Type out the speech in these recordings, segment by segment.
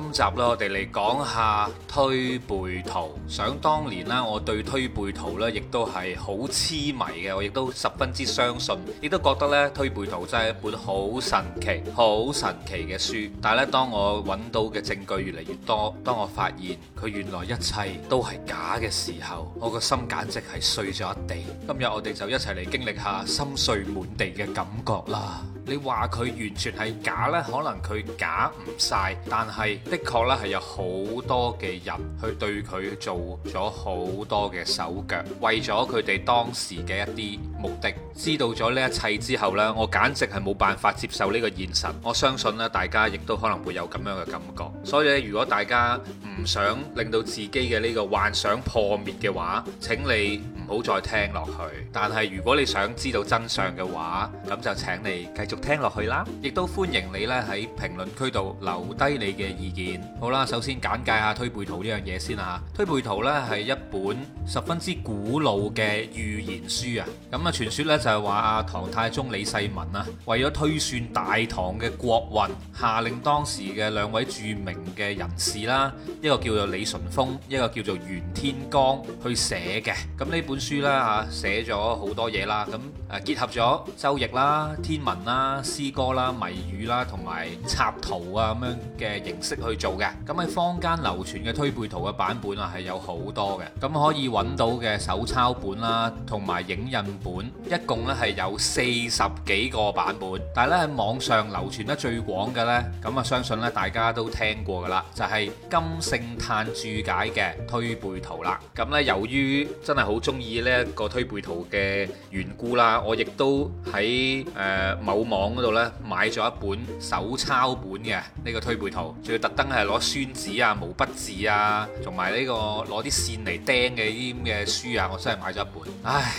今集咧，我哋嚟講下推背圖。想當年呢，我對推背圖呢，亦都係好痴迷嘅，我亦都十分之相信，亦都覺得呢，推背圖真係一本好神奇、好神奇嘅書。但係咧，當我揾到嘅證據越嚟越多，當我發現佢原來一切都係假嘅時候，我個心簡直係碎咗一地。今日我哋就一齊嚟經歷下心碎滿地嘅感覺啦。你話佢完全係假呢，可能佢假唔晒。但係的確呢，係有好多嘅人去對佢做咗好多嘅手腳，為咗佢哋當時嘅一啲目的。知道咗呢一切之後呢，我簡直係冇辦法接受呢個現實。我相信咧，大家亦都可能會有咁樣嘅感覺。所以咧，如果大家唔想令到自己嘅呢個幻想破滅嘅話，請你唔好再聽落去。但係如果你想知道真相嘅話，咁就請你繼續聽落去啦，亦都歡迎你咧喺評論區度留低你嘅意見。好啦，首先簡介下推背圖呢樣嘢先啦嚇。推背圖咧係一本十分之古老嘅預言書啊。咁啊傳説咧就係話啊唐太宗李世民啊，為咗推算大唐嘅國運，下令當時嘅兩位著名嘅人士啦，一個叫做李淳風，一個叫做袁天罡去寫嘅。咁呢本書咧嚇寫咗好多嘢啦，咁誒結合咗周易啦、天文啦。啊，詩歌啦、謎語啦，同埋插圖啊咁樣嘅形式去做嘅。咁喺坊間流傳嘅推背圖嘅版本啊，係有好多嘅。咁可以揾到嘅手抄本啦，同埋影印本，一共呢係有四十幾個版本。但係咧喺網上流傳得最廣嘅呢，咁啊相信咧大家都聽過㗎啦，就係、是、金聖嘆注解嘅推背圖啦。咁呢，由於真係好中意呢一個推背圖嘅緣故啦，我亦都喺誒某網網嗰度咧買咗一本手抄本嘅呢個推背圖，仲要特登係攞宣紙啊、毛筆字啊，同埋呢個攞啲線嚟釘嘅啲咁嘅書啊，我真係買咗一本，唉。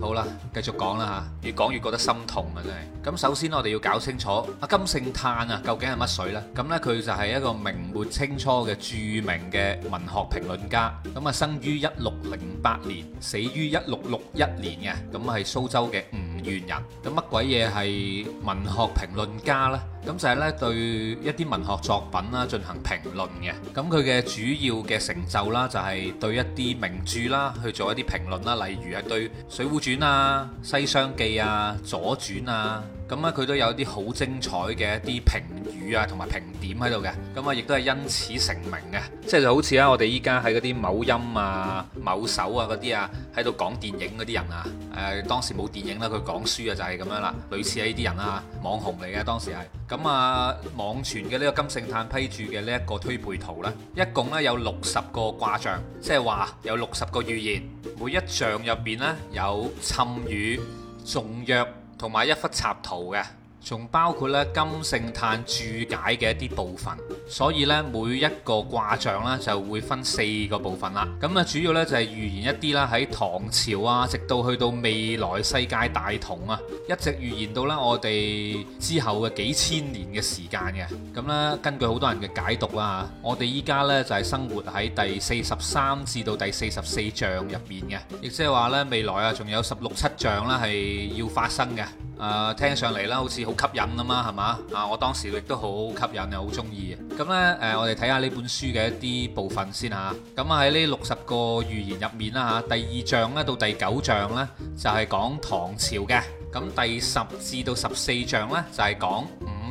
好啦，繼續講啦吓，越講越覺得心痛啊真係。咁首先我哋要搞清楚阿金聖嘆啊，究竟係乜水呢？咁呢，佢就係一個明末清初嘅著名嘅文學評論家。咁啊，生於一六零八年，死於一六六一年嘅，咁係蘇州嘅吳縣人。咁乜鬼嘢係文學評論家呢？咁就係咧對一啲文學作品啦進行評論嘅，咁佢嘅主要嘅成就啦就係對一啲名著啦去做一啲評論啦，例如係對《水滸傳》啊、《西廂記》啊、《左傳》啊。咁啊，佢都有啲好精彩嘅一啲評語啊，同埋評點喺度嘅。咁啊，亦都係因此成名嘅，即係就好似啊，我哋依家喺嗰啲某音啊、某手啊嗰啲啊，喺度講電影嗰啲人啊。誒，當時冇電影啦，佢講書啊，就係咁樣啦。類似係呢啲人啊，網紅嚟嘅當時係。咁啊，網傳嘅呢個金聖嘆批注嘅呢一個推背圖呢，一共呢有六十個卦象，即係話有六十個預言，每一象入邊呢，有讖語、頌曰。同埋一幅插圖嘅。仲包括咧金聖嘆注解嘅一啲部分，所以咧每一個卦象咧就會分四個部分啦。咁啊，主要咧就係預言一啲啦，喺唐朝啊，直到去到未來世界大同啊，一直預言到咧我哋之後嘅幾千年嘅時間嘅。咁咧，根據好多人嘅解讀啦，我哋依家咧就係生活喺第四十三至到第四十四象入面嘅，亦即係話咧未來啊，仲有十六七象啦係要發生嘅。誒聽上嚟啦，好似好吸引啊嘛，係嘛？啊，我當時亦都好吸引啊，好中意咁呢，誒，我哋睇下呢本書嘅一啲部分先嚇。咁啊喺呢六十個預言入面啦嚇，第二章呢到第九章呢，就係講唐朝嘅。咁第十至到十四章呢，就係講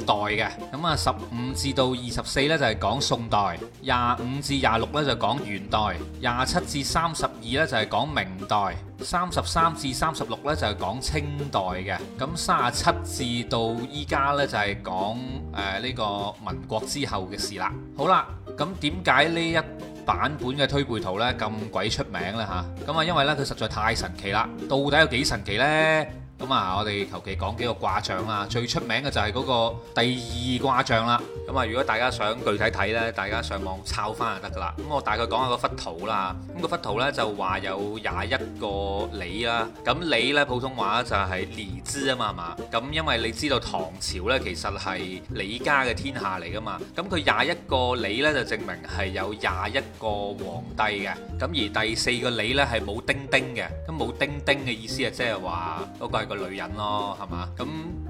代嘅，咁啊十五至到二十四呢，就係講宋代，廿五至廿六呢，就講元代，廿七至三十二呢，就係講明代，三十三至三十六呢，就係講清代嘅，咁三十七至到依家呢，就係講誒呢個民國之後嘅事啦。好啦，咁點解呢一版本嘅推背圖呢咁鬼出名呢？吓？咁啊因為呢，佢實在太神奇啦，到底有幾神奇呢？咁啊，我哋求其講幾個卦象啦，最出名嘅就係嗰個第二卦象啦。咁啊，如果大家想具體睇呢，大家上網抄翻就得㗎喇。咁我大概講下個幅圖啦。咁個幅圖呢就話有廿一個李啦。咁李呢普通話就係李字啊嘛，係嘛。咁因為你知道唐朝呢其實係李家嘅天下嚟㗎嘛。咁佢廿一個李呢就證明係有廿一個皇帝嘅。咁而第四個李呢係冇丁丁嘅。咁冇丁丁嘅意思啊，即係話嗰個。一個女人咯，係嘛？咁。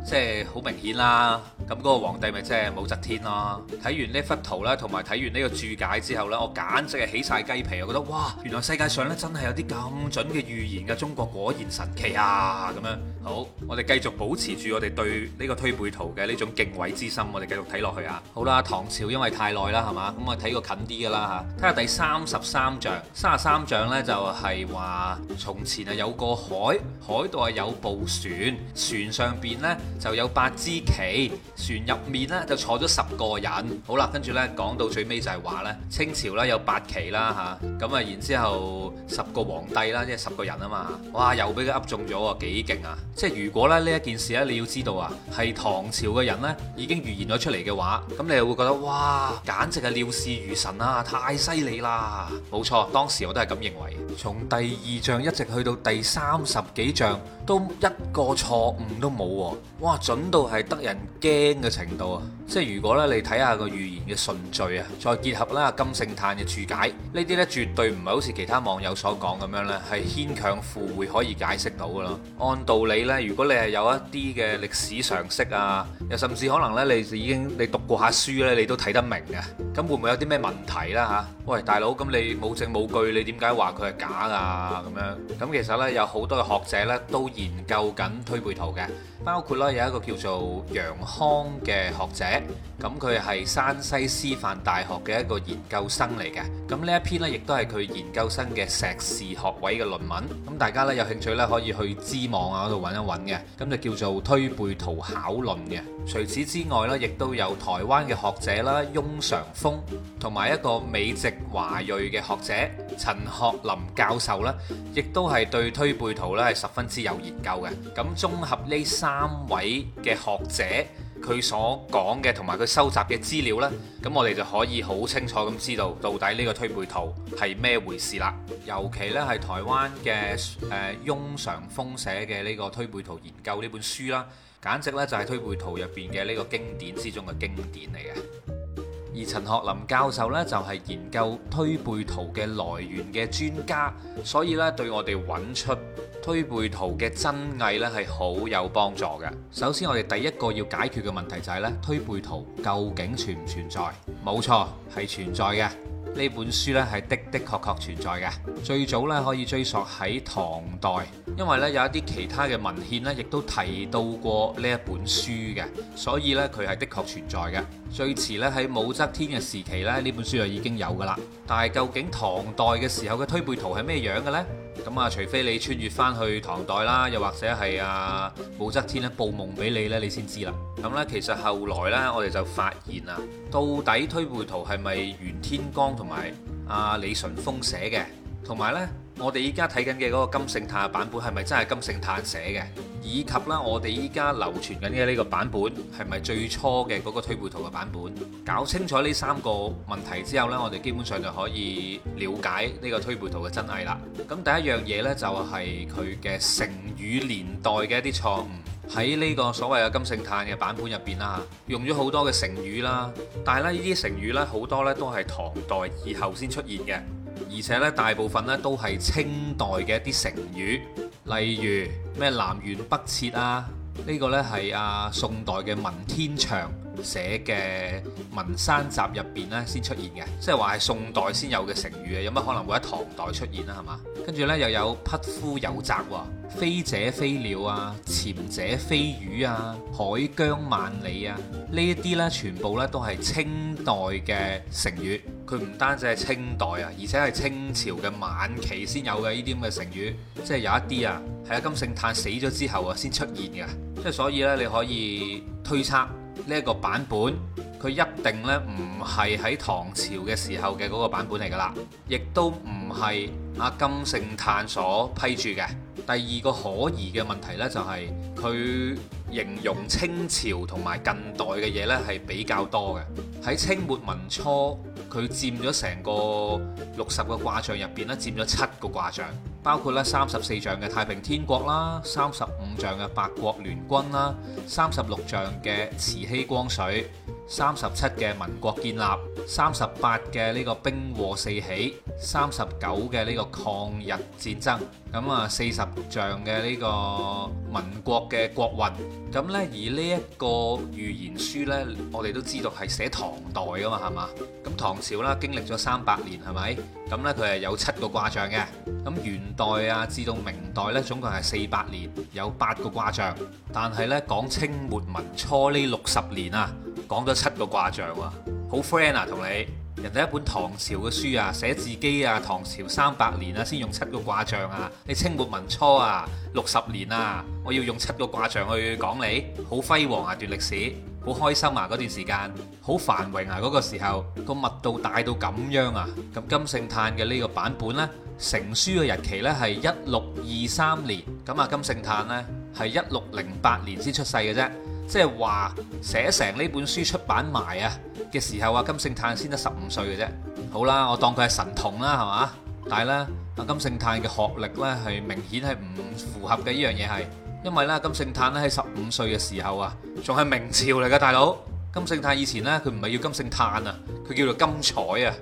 即係好明顯啦，咁嗰個皇帝咪即係武則天咯。睇完呢幅圖啦，同埋睇完呢個注解之後呢，我簡直係起晒雞皮，我覺得哇，原來世界上呢真係有啲咁準嘅預言嘅，中國果然神奇啊！咁樣好，我哋繼續保持住我哋對呢個推背圖嘅呢種敬畏之心，我哋繼續睇落去啊。好啦，唐朝因為太耐啦，係嘛？咁我睇過近啲嘅啦嚇，睇下第三十三象。三十三象呢就係話，從前啊有個海，海度係有部船，船上邊呢……」就有八支旗，船入面咧就坐咗十個人。好啦，跟住呢講到最尾就係話呢清朝咧有八旗啦吓，咁啊然之後十個皇帝啦，即係十個人啊嘛，哇又俾佢噏中咗，幾勁啊！即係如果咧呢一件事呢，你要知道啊，係唐朝嘅人呢已經預言咗出嚟嘅話，咁你又會覺得哇，簡直係料事如神啊，太犀利啦！冇錯，當時我都係咁認為。從第二象一直去到第三十幾象，都一個錯誤都冇喎，啊。哇！準到係得人驚嘅程度啊，即係如果咧，你睇下個預言嘅順序啊，再結合啦金聖歎嘅注解呢啲呢，絕對唔係好似其他網友所講咁樣呢，係牽強附會可以解釋到噶啦。按道理呢，如果你係有一啲嘅歷史常識啊，又甚至可能呢，你就已經你讀過下書呢，你都睇得明嘅。咁會唔會有啲咩問題啦？吓，喂大佬，咁你冇證冇據，你點解話佢係假啊？咁樣咁其實呢，有好多嘅學者呢，都研究緊推背圖嘅。包括啦，有一個叫做楊康嘅學者，咁佢係山西師範大學嘅一個研究生嚟嘅。咁呢一篇咧，亦都係佢研究生嘅碩士學位嘅論文。咁大家咧，有興趣咧，可以去知網啊嗰度揾一揾嘅。咁就叫做《推背圖考論》嘅。除此之外咧，亦都有台灣嘅學者啦，翁常峰同埋一個美籍華裔嘅學者陳學林教授咧，亦都係對《推背圖》咧係十分之有研究嘅。咁綜合呢三。三位嘅學者佢所講嘅同埋佢收集嘅資料呢，咁我哋就可以好清楚咁知道到底呢個推背圖係咩回事啦。尤其呢，係台灣嘅誒翁常風寫嘅呢個推背圖研究呢本書啦，簡直呢，就係推背圖入邊嘅呢個經典之中嘅經典嚟嘅。而陳學林教授呢，就係研究推背圖嘅來源嘅專家，所以呢，對我哋揾出。推背圖嘅真偽呢係好有幫助嘅。首先，我哋第一個要解決嘅問題就係呢，推背圖究竟存唔存在？冇錯，係存在嘅。呢本書呢係的的確確存在嘅。最早呢可以追溯喺唐代，因為呢有一啲其他嘅文獻呢亦都提到過呢一本書嘅，所以呢，佢係的確存在嘅。最遲呢喺武則天嘅時期呢，呢本書就已經有噶啦。但係究竟唐代嘅時候嘅推背圖係咩樣嘅呢？咁啊，除非你穿越翻去唐代啦，又或者係啊武則天咧，報夢俾你呢，你先知啦。咁呢，其實後來是是呢，我哋就發現啊，到底《推背圖》係咪袁天罡同埋啊李淳風寫嘅？同埋呢，我哋依家睇緊嘅嗰個金聖嘆版本係咪真係金聖嘆寫嘅？以及啦，我哋依家流傳緊嘅呢個版本係咪最初嘅嗰個推背圖嘅版本？搞清楚呢三個問題之後咧，我哋基本上就可以了解呢個推背圖嘅真偽啦。咁第一樣嘢咧，就係佢嘅成語年代嘅一啲錯誤。喺呢個所謂嘅金聖嘆嘅版本入邊啦，用咗好多嘅成語啦，但係咧，呢啲成語咧好多咧都係唐代以後先出現嘅，而且咧大部分咧都係清代嘅一啲成語。例如咩南轅北轍啊，呢、呢個呢係啊宋代嘅文天祥寫嘅《文山集》入邊呢先出現嘅，即係話係宋代先有嘅成語嘅，有乜可能會喺唐代出現啊？係嘛？跟住呢又有匹夫有責，飛者非鳥啊，潛者非魚啊，海疆萬里啊，呢一啲呢全部呢都係清代嘅成語。佢唔單止係清代啊，而且係清朝嘅晚期先有嘅呢啲咁嘅成語，即係有一啲啊係阿金聖嘆死咗之後啊先出現嘅，即係所以呢，你可以推測呢一個版本佢一定呢唔係喺唐朝嘅時候嘅嗰個版本嚟㗎喇，亦都唔係阿金聖嘆所批注嘅。第二個可疑嘅問題呢，就係，就係佢形容清朝同埋近代嘅嘢呢係比較多嘅喺清末民初。佢佔咗成個六十個卦象入邊咧，佔咗七個卦象，包括咧三十四象嘅太平天國啦，三十五象嘅八國聯軍啦，三十六象嘅慈禧光緒，三十七嘅民國建立，三十八嘅呢個兵禍四起，三十九嘅呢個抗日戰爭，咁啊四十象嘅呢個民國嘅國運，咁呢，而呢一個預言書呢，我哋都知道係寫唐代噶嘛，係嘛？咁。唐朝啦，經歷咗三百年，係咪？咁呢，佢係有七個卦象嘅。咁元代啊，至到明代呢，總共係四百年，有八個卦象。但係呢，講清末民初呢六十年講啊，講咗七個卦象啊。好 friend 啊，同你人哋一本唐朝嘅書啊，寫自己啊，唐朝三百年啊，先用七個卦象啊。你清末民初啊，六十年啊，我要用七個卦象去講你，好輝煌啊段歷史。好開心啊！嗰段時間好繁榮啊！嗰、那個時候個密度大到咁樣啊！咁金聖嘆嘅呢個版本呢，成書嘅日期呢係一六二三年，咁啊金聖嘆呢，係一六零八年先出世嘅啫，即係話寫成呢本書出版埋啊嘅時候啊，金聖嘆先得十五歲嘅啫。好啦，我當佢係神童啦，係嘛？但係呢，阿金聖嘆嘅學歷呢，係明顯係唔符合嘅。呢樣嘢係。因為咧，金聖嘆咧喺十五歲嘅時候啊，仲係明朝嚟噶，大佬。金聖嘆以前咧，佢唔係叫金聖嘆啊，佢叫做金彩啊。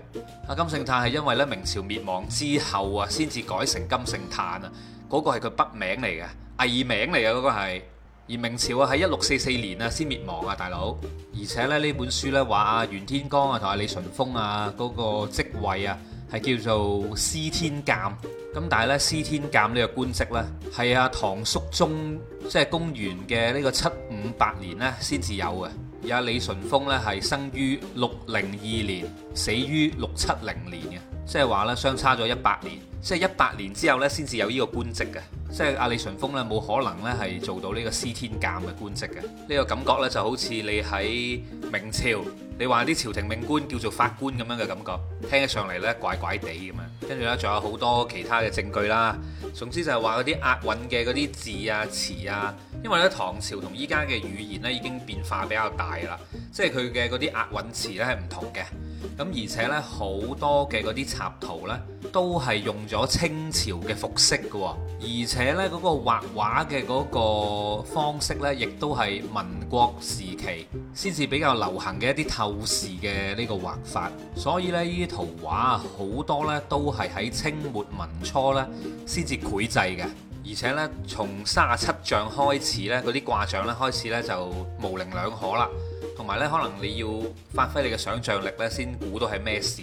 阿金聖嘆係因為咧明朝滅亡之後啊，先至改成金聖嘆啊，嗰、那個係佢筆名嚟嘅，藝名嚟嘅嗰個係。而明朝啊，喺一六四四年啊，先滅亡啊，大佬。而且咧呢本書咧話啊袁天罡啊同阿李淳風啊嗰個職位啊。係叫做司天監，咁但係咧司天監呢個官職咧，係阿唐肅宗即係公元嘅呢個七五八年咧先至有嘅，而阿李淳風咧係生於六零二年，死於六七零年嘅。即係話咧，相差咗一百年，即係一百年之後呢，先至有呢個官職嘅。即係阿李淳風呢，冇可能呢係做到呢個司天監嘅官職嘅。呢個感覺呢，就好似你喺明朝，你話啲朝廷命官叫做法官咁樣嘅感覺，聽起上嚟呢怪怪地咁樣。跟住呢，仲有好多其他嘅證據啦。總之就係話嗰啲押韻嘅嗰啲字啊詞啊，因為呢唐朝同依家嘅語言呢已經變化比較大啦，即係佢嘅嗰啲押韻詞呢係唔同嘅。咁而且呢，好多嘅嗰啲插圖呢都係用咗清朝嘅服飾嘅喎，而且呢，嗰個畫畫嘅嗰個方式呢，亦都係民國時期先至比較流行嘅一啲透視嘅呢個畫法，所以呢，呢啲圖畫啊好多呢都係喺清末民初呢先至繪製嘅，而且呢從三十七象開始呢，嗰啲卦象呢開始呢，就模棱兩可啦。同埋呢，可能你要發揮你嘅想像力呢，先估到係咩事。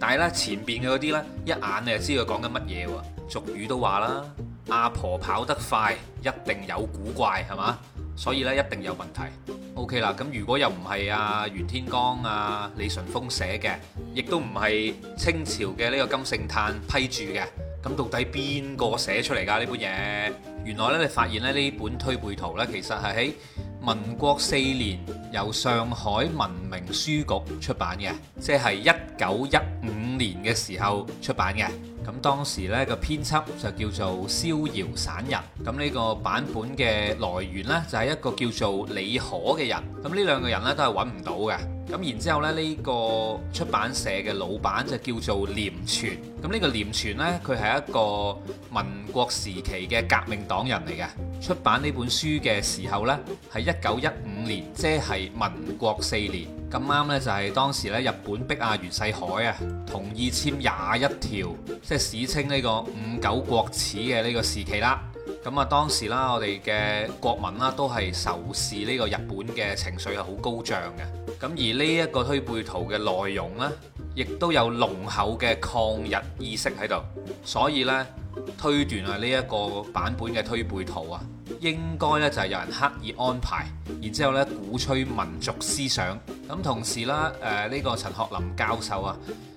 但係呢，前邊嘅嗰啲呢，一眼你就知佢講緊乜嘢喎。俗語都話啦，阿婆跑得快，一定有古怪，係嘛？所以呢，一定有問題。OK 啦，咁如果又唔係啊，袁天罡、啊，李淳風寫嘅，亦都唔係清朝嘅呢個金聖歎批注嘅，咁到底邊個寫出嚟㗎呢本嘢？原來呢，你發現呢，呢本推背圖呢，其實係喺，民國四年，由上海文明書局出版嘅，即係一九一五年嘅時候出版嘅。咁當時呢個編輯就叫做逍遙散人。咁呢個版本嘅來源呢，就係一個叫做李可嘅人。咁呢兩個人呢，都係揾唔到嘅。咁然之後咧，呢、這個出版社嘅老闆就叫做廉泉。咁、這、呢個廉泉呢，佢係一個民國時期嘅革命黨人嚟嘅。出版呢本書嘅時候呢，係一九一五年，即係民國四年咁啱呢，就係、是、當時呢，日本逼阿袁世海啊同意簽廿一條，即係史稱呢個五九國恥嘅呢個時期啦。咁、嗯、啊，當時啦，我哋嘅國民啦都係仇視呢個日本嘅情緒係好高漲嘅。咁而呢一個推背圖嘅內容呢，亦都有濃厚嘅抗日意識喺度，所以呢，推斷啊呢一個版本嘅推背圖啊，應該呢就係有人刻意安排，然之後呢鼓吹民族思想。咁同時啦，誒、呃、呢、這個陳學林教授啊。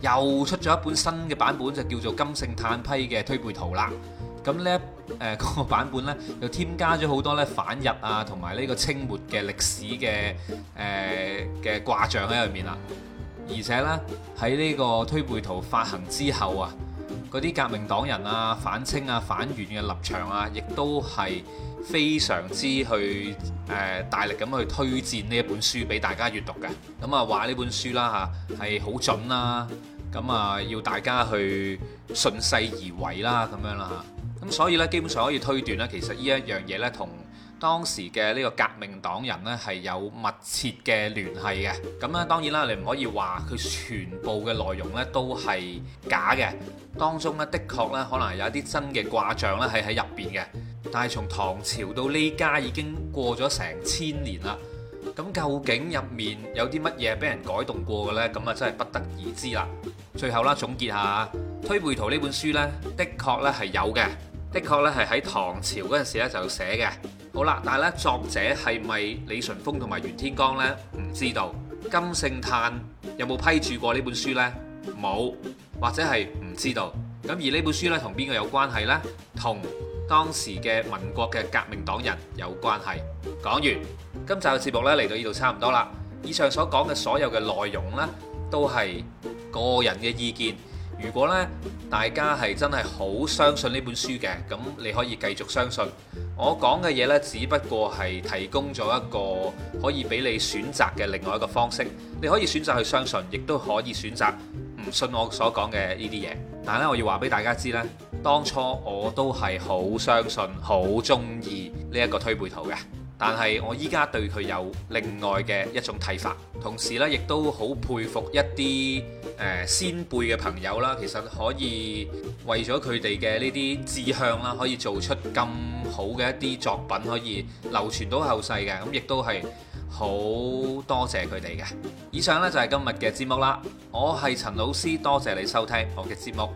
又出咗一本新嘅版本，就叫做《金聖歎批嘅推背圖》啦。咁呢一誒個版本呢，又添加咗好多呢反日啊，同埋呢個清末嘅歷史嘅誒嘅掛像喺入面啦。而且呢，喺呢個推背圖發行之後啊，嗰啲革命黨人啊、反清啊、反元嘅立場啊，亦都係，非常之去誒，大力咁去推薦呢一本書俾大家閱讀嘅。咁啊，話呢本書啦嚇係好準啦，咁啊要大家去順勢而為啦咁樣啦。咁所以呢，基本上可以推斷呢，其實呢一樣嘢呢，同當時嘅呢個革命黨人呢係有密切嘅聯繫嘅。咁咧，當然啦，你唔可以話佢全部嘅內容呢都係假嘅。當中呢，的確呢，可能有一啲真嘅卦象呢係喺入邊嘅。但係從唐朝到呢家已經過咗成千年啦，咁究竟入面有啲乜嘢俾人改動過嘅呢？咁啊真係不得而知啦。最後啦，總結下，《推背圖》呢本書呢，的確呢係有嘅，的確呢係喺唐朝嗰陣時咧就寫嘅。好啦，但係呢作者係咪李淳風同埋袁天罡呢？唔知道。金聖嘆有冇批注過呢本書呢？冇，或者係唔知道。咁而呢本書呢，同邊個有關係呢？同。當時嘅民國嘅革命黨人有關係。講完，今集嘅節目呢嚟到呢度差唔多啦。以上所講嘅所有嘅內容呢都係個人嘅意見。如果呢，大家係真係好相信呢本書嘅，咁你可以繼續相信我講嘅嘢呢，只不過係提供咗一個可以俾你選擇嘅另外一個方式。你可以選擇去相信，亦都可以選擇唔信我所講嘅呢啲嘢。但係咧，我要話俾大家知呢。當初我都係好相信、好中意呢一個推背圖嘅，但係我依家對佢有另外嘅一種睇法，同時呢，亦都好佩服一啲誒先輩嘅朋友啦。其實可以為咗佢哋嘅呢啲志向啦，可以做出咁好嘅一啲作品，可以流傳到後世嘅，咁亦都係好多謝佢哋嘅。以上呢，就係今日嘅節目啦，我係陳老師，多謝你收聽我嘅節目。